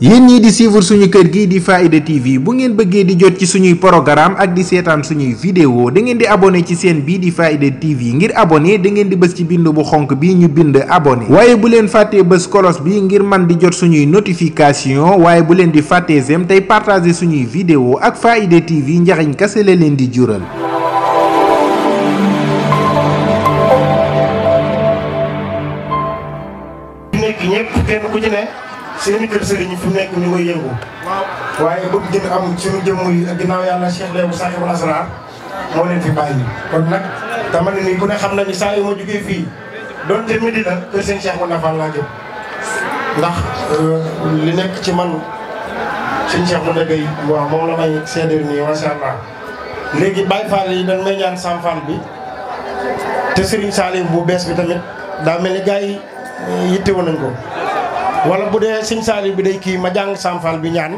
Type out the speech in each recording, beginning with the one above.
yéen ñii di suivre suñu kër gi di Faaida TV bu ngeen bëggee di jot ci suñuy programme ak di seetaan suñuy video da di abonné ci seen bii di Faaida TV ngir abonné da ngeen di bës ci bind bu xonk bi ñu bind abone waaye bu leen fàttee bës kolos bi ngir man di jot suñuy notification waaye bu leen di fàttee sem tey partager suñuy vidéo ak Faaida TV njaxiñ kase la leen di jural seeni kër sëriñ fu nekk ñu koy yëngu. waaye bëgg gën am suñu jëmm yi ak ginnaaw yàlla Cheikh Lébu Sahibul Asrar moo leen fi bàyyi. kon nag dama ne nii ku ne xam na ni saa yu ma jugee fii donte midi la kër seen euh, ci man la may seedeel nii léegi Baye Fall yi te Serigne Salim bu bees bi tamit daa mel ni gars yi euh, yitte woon ko. wala bu dee sëñ Saliou bi day kii ma jàng samfal bi ñaan.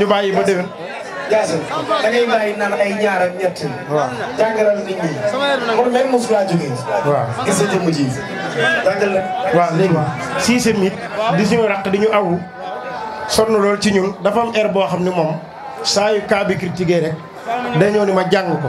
ñu bàyyi ba déwén. jaase da ngay ay ñaar ak ñett. waaw jàngalal nit ñi. kon même mosu siise mi di suñu raq di ñu awu. sonn ci ñun dafa er boo xam ne moom saa yu kaa bi critiqué rek dañoo ni ma jàng ko.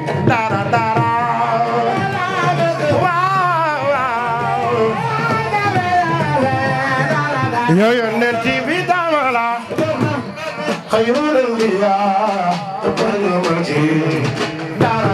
خير الانبياء تقدمتي دار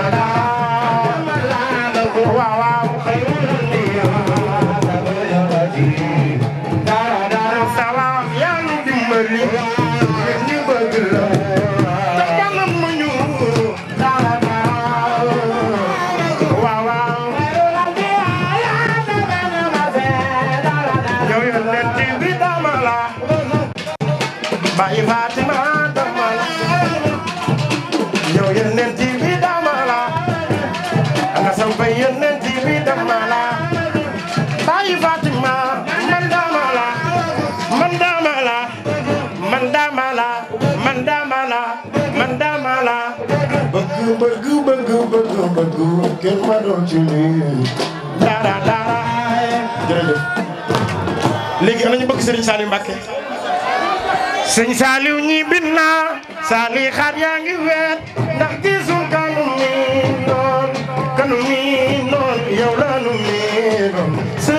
ay Fatima man dama man dama man dama la man dama la man dama la doon ci lii dara dara jërëjëf léegi am nañu bëgg Serigne Saliou Mbacké Serigne Saliou ñi bind na Saliou xaar yaa ngi weet ndax gisul kanu mi noon kanu mi noon yow la nu mi noon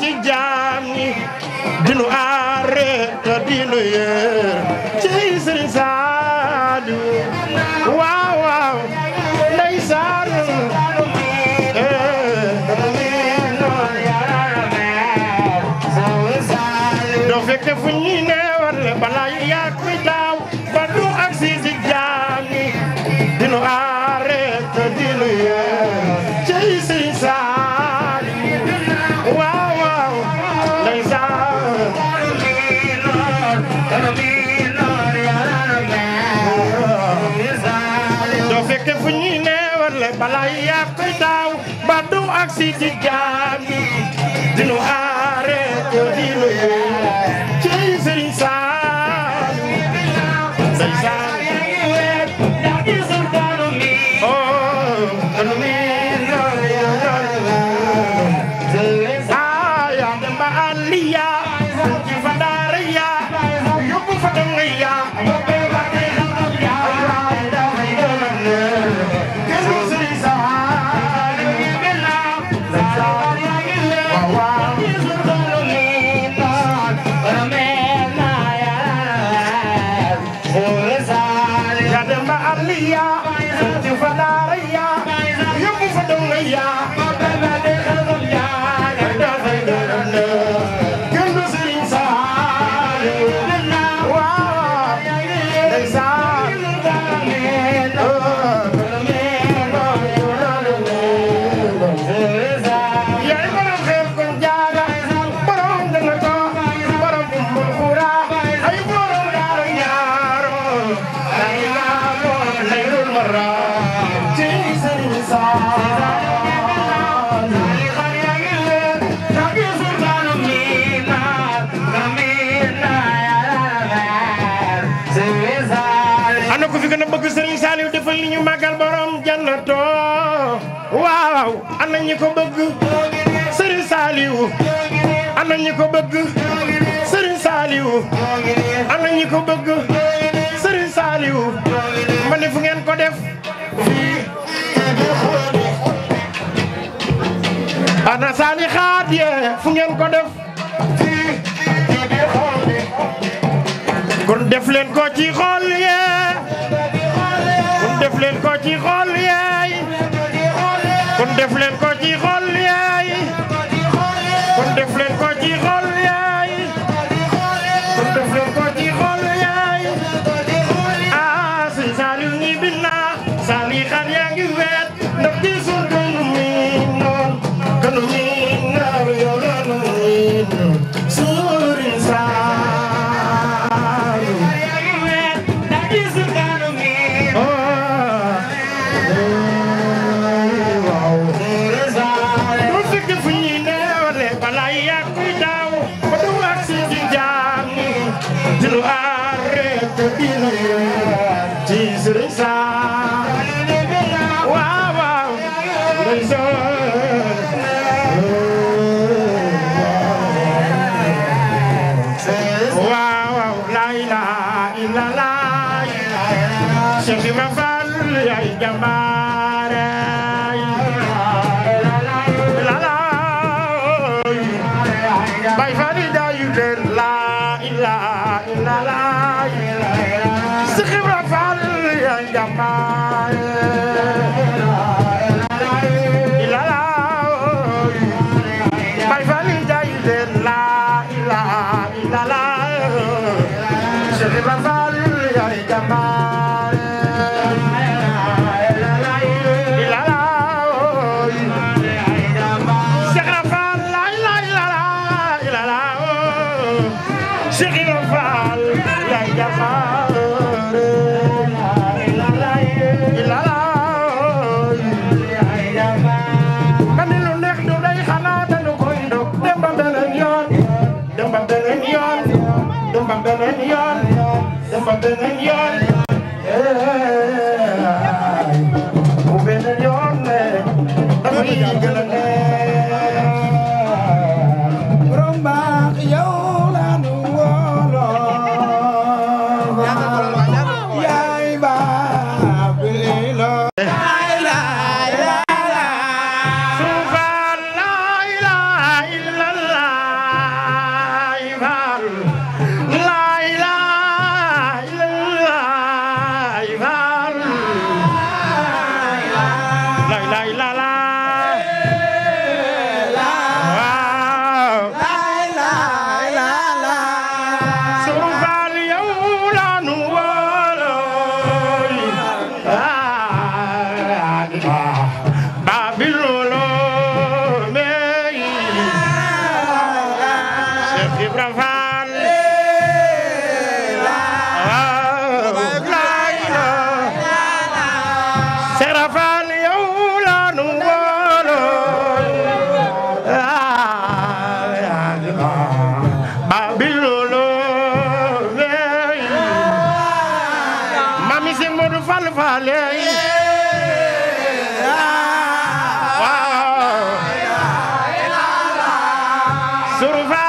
ci jaam ñi dinu aar te dinu yër fekk fu ñuy neewal la balaa yaa koy daaw ba du aksi ci jaam dinu bëgg Serigne Saliou defal li ñu màggal borom jannato waaw ana ñi ko bëgg Serigne Saliou ana ñi ko bëgg Serigne Saliou ana ñi ko fu ngeen ko def ana Sali xaat yee fu ngeen ko def kon def leen ko ci xool di lu aar rekk di lu yaar ci sëriñ Saar waaw waaw lay soor waaw waaw lay lay la lay Cheikh Ibra Fall yaay jàmbaare la lay bay fa di dayu leen lay إلا إلا لا إلا إلا سخي رفع الجمال beneen yoon bu beneen yoon survive.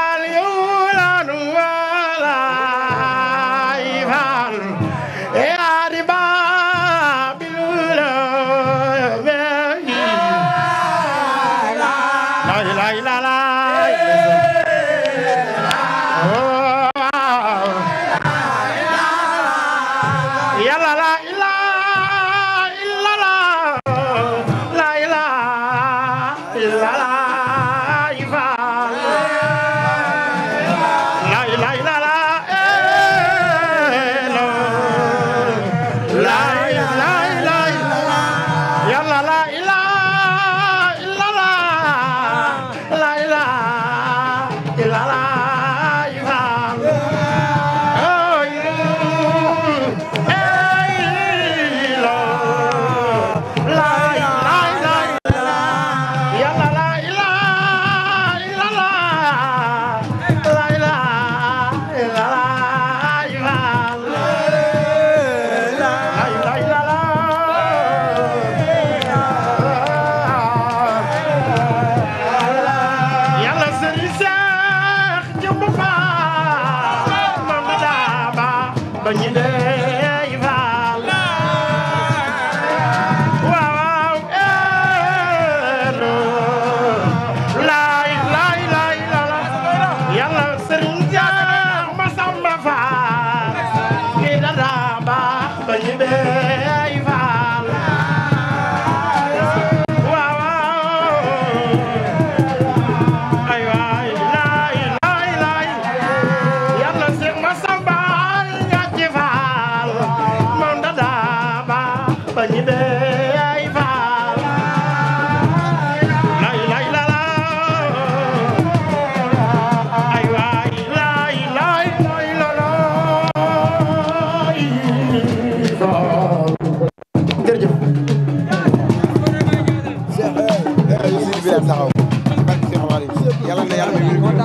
bañ ñu dee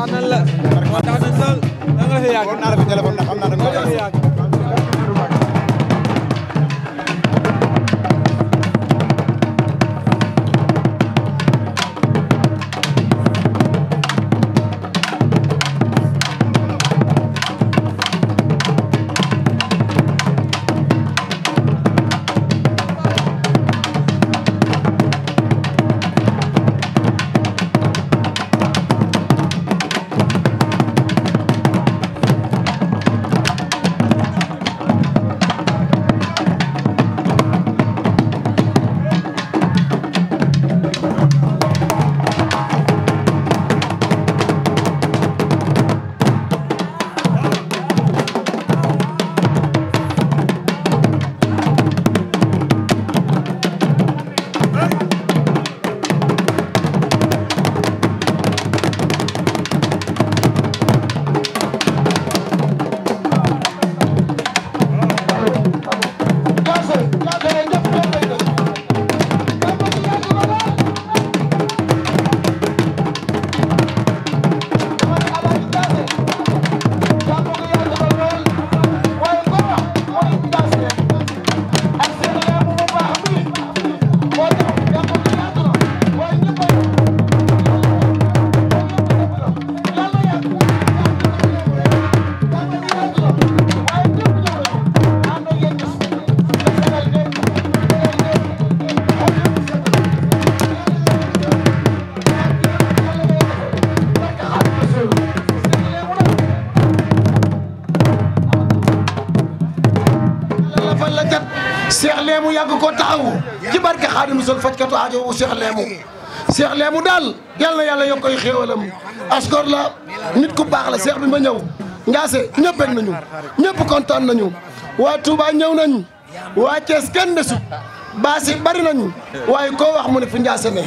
daanan la. daanan la da nga yàgg. war naa la fi téléphone ndax xam naa da nga yàgg. leemu yàgg ko taxawu ci barke Xaadimu Sol fajkatu aajo wu Cheikh leemu Cheikh leemu daal yal na yàlla yokk koy xéewalam askor la nit ku baax la seex bi ma ñëw ngaase ñëpp bég nañu ñëpp kontaan nañu waa Touba ñëw nañ waa Thiès kenn desut baas yi bari nañu waaye koo wax mu ne fi ngaase ne